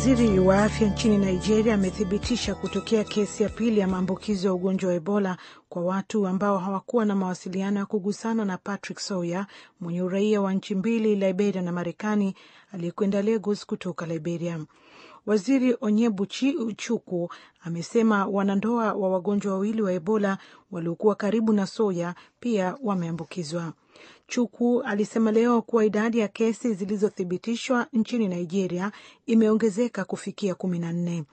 Waziri wa afya nchini Nigeria amethibitisha kutokea kesi ya pili ya maambukizo ya ugonjwa wa Ebola kwa watu ambao hawakuwa na mawasiliano ya kugusana na Patrick soya mwenye uraia wa nchi mbili, Liberia na Marekani, aliyekwenda Lagos kutoka Liberia. Waziri Onyebuchi Uchukwu amesema wanandoa wa wagonjwa wawili wa Ebola waliokuwa karibu na soya pia wameambukizwa. Chuku alisema leo kuwa idadi ya kesi zilizothibitishwa nchini Nigeria imeongezeka kufikia kumi na nne.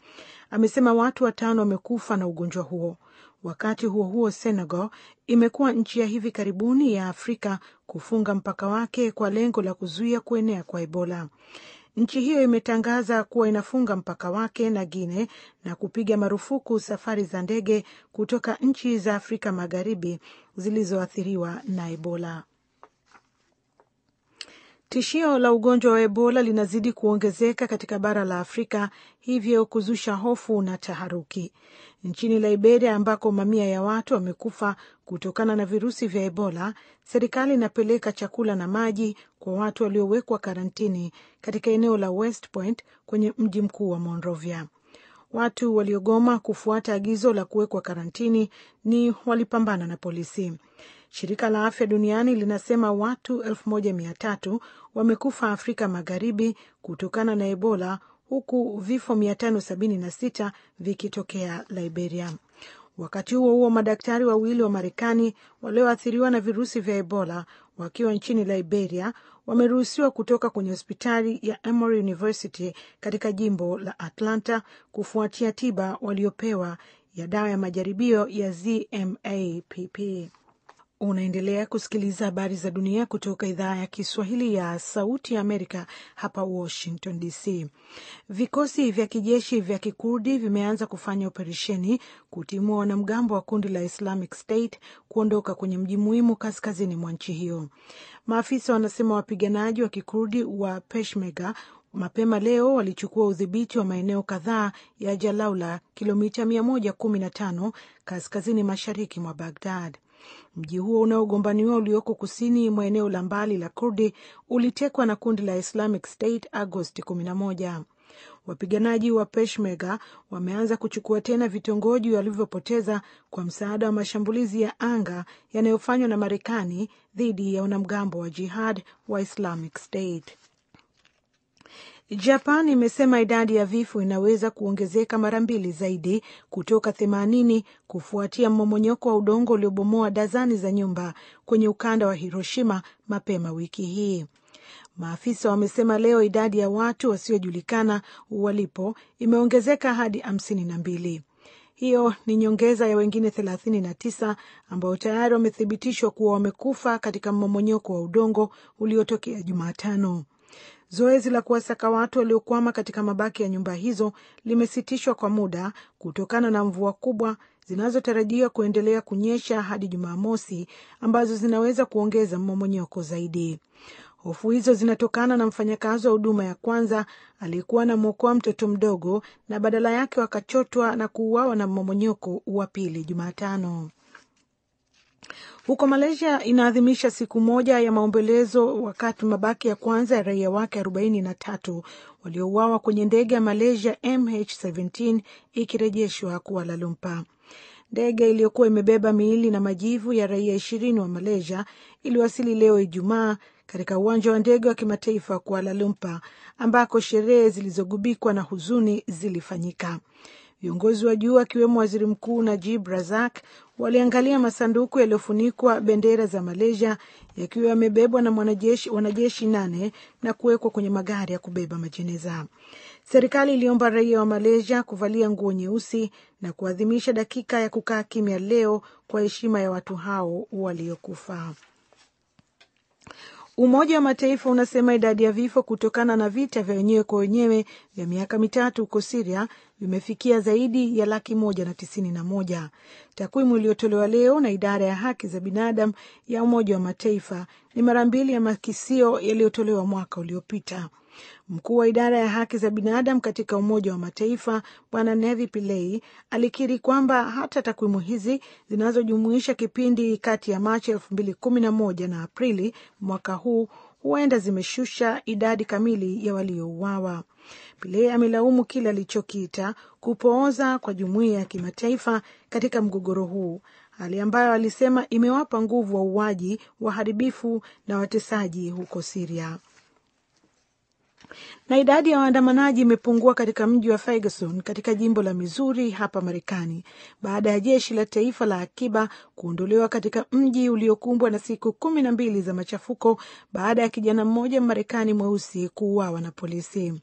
Amesema watu watano wamekufa na ugonjwa huo. Wakati huo huo, Senegal imekuwa nchi ya hivi karibuni ya Afrika kufunga mpaka wake kwa lengo la kuzuia kuenea kwa Ebola. Nchi hiyo imetangaza kuwa inafunga mpaka wake na guine na kupiga marufuku safari za ndege kutoka nchi za Afrika Magharibi zilizoathiriwa na Ebola. Tishio la ugonjwa wa Ebola linazidi kuongezeka katika bara la Afrika, hivyo kuzusha hofu na taharuki nchini Liberia, ambako mamia ya watu wamekufa kutokana na virusi vya Ebola. Serikali inapeleka chakula na maji kwa watu waliowekwa karantini katika eneo la West Point kwenye mji mkuu wa Monrovia. Watu waliogoma kufuata agizo la kuwekwa karantini ni walipambana na polisi. Shirika la Afya Duniani linasema watu 1300 wamekufa Afrika Magharibi kutokana na Ebola, huku vifo 576 vikitokea Liberia. Wakati huo huo, madaktari wawili wa Marekani walioathiriwa na virusi vya Ebola wakiwa nchini Liberia wameruhusiwa kutoka kwenye hospitali ya Emory University katika jimbo la Atlanta kufuatia tiba waliopewa ya dawa ya majaribio ya ZMapp. Unaendelea kusikiliza habari za dunia kutoka idhaa ya Kiswahili ya Sauti ya Amerika hapa Washington DC. Vikosi vya kijeshi vya Kikurdi vimeanza kufanya operesheni kutimua wanamgambo wa kundi la Islamic State kuondoka kwenye mji muhimu kaskazini mwa nchi hiyo. Maafisa wanasema wapiganaji wa Kikurdi wa Peshmerga mapema leo walichukua udhibiti wa maeneo kadhaa ya Jalaula, kilomita 115 kaskazini mashariki mwa Bagdad. Mji huo unaogombaniwa ulioko kusini mwa eneo la mbali la Kurdi ulitekwa na kundi la Islamic State Agosti 11. Wapiganaji wa Peshmerga wameanza kuchukua tena vitongoji walivyopoteza kwa msaada wa mashambulizi ya anga yanayofanywa na Marekani dhidi ya wanamgambo wa jihad wa Islamic State. Japan imesema idadi ya vifo inaweza kuongezeka mara mbili zaidi kutoka themanini kufuatia mmomonyoko wa udongo uliobomoa dazani za nyumba kwenye ukanda wa Hiroshima mapema wiki hii. Maafisa wamesema leo idadi ya watu wasiojulikana walipo imeongezeka hadi hamsini na mbili. Hiyo ni nyongeza ya wengine tisa ambao tayari wamethibitishwa kuwa wamekufa katika mmomonyoko wa udongo uliotokea Jumatano. Zoezi la kuwasaka watu waliokwama katika mabaki ya nyumba hizo limesitishwa kwa muda kutokana na mvua kubwa zinazotarajiwa kuendelea kunyesha hadi Jumamosi, ambazo zinaweza kuongeza mmomonyoko zaidi. Hofu hizo zinatokana na mfanyakazi wa huduma ya kwanza aliyekuwa anamwokoa mtoto mdogo na badala yake wakachotwa na kuuawa na mmomonyoko wa pili Jumatano. Huko Malaysia inaadhimisha siku moja ya maombolezo wakati mabaki ya kwanza ya raia wake 43 waliouawa kwenye ndege ya Malaysia MH17 ikirejeshwa Kuala Lumpur. Ndege iliyokuwa imebeba miili na majivu ya raia ishirini wa Malaysia iliwasili leo Ijumaa katika uwanja wa ndege wa kimataifa Kuala Lumpur ambako sherehe zilizogubikwa na huzuni zilifanyika. Viongozi wa juu akiwemo waziri mkuu Najib Razak waliangalia masanduku yaliyofunikwa bendera za Malaysia yakiwa yamebebwa na wanajeshi wanajeshi nane na kuwekwa kwenye magari ya kubeba majeneza. Serikali iliomba raia wa Malaysia kuvalia nguo nyeusi na kuadhimisha dakika ya kukaa kimya leo kwa heshima ya watu hao waliokufa. Umoja wa Mataifa unasema idadi ya vifo kutokana na vita vya wenyewe kwa wenyewe vya miaka mitatu huko Siria vimefikia zaidi ya laki moja na tisini na moja. Takwimu iliyotolewa leo na idara ya haki za binadamu ya Umoja wa Mataifa ni mara mbili ya makisio yaliyotolewa mwaka uliopita. Mkuu wa idara ya haki za binadamu katika Umoja wa Mataifa Bwana Nevi Pillay alikiri kwamba hata takwimu hizi zinazojumuisha kipindi kati ya Machi elfu mbili kumi na moja na Aprili mwaka huu huenda zimeshusha idadi kamili ya waliouawa. Pile amelaumu kile alichokiita kupooza kwa jumuiya ya kimataifa katika mgogoro huu, hali ambayo alisema imewapa nguvu wauaji, waharibifu na watesaji huko Siria. Na idadi ya waandamanaji imepungua katika mji wa Ferguson katika jimbo la Missouri hapa Marekani baada ya jeshi la taifa la akiba kuondolewa katika mji uliokumbwa na siku kumi na mbili za machafuko baada ya kijana mmoja Marekani mweusi kuuawa na polisi.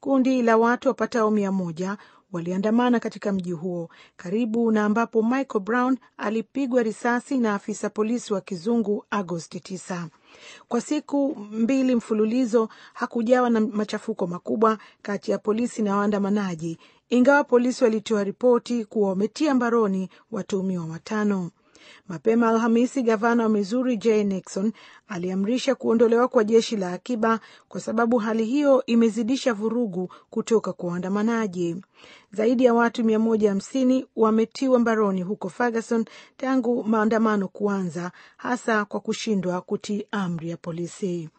Kundi la watu wapatao mia moja waliandamana katika mji huo karibu na ambapo Michael Brown alipigwa risasi na afisa polisi wa kizungu Agosti 9. Kwa siku mbili mfululizo hakujawa na machafuko makubwa kati ya polisi na waandamanaji, ingawa polisi walitoa ripoti kuwa wametia mbaroni watuhumiwa watano. Mapema Alhamisi, gavana wa Missouri Jay Nixon aliamrisha kuondolewa kwa jeshi la akiba kwa sababu hali hiyo imezidisha vurugu kutoka kwa waandamanaji. Zaidi ya watu 150 wametiwa mbaroni huko Ferguson tangu maandamano kuanza, hasa kwa kushindwa kutii amri ya polisi.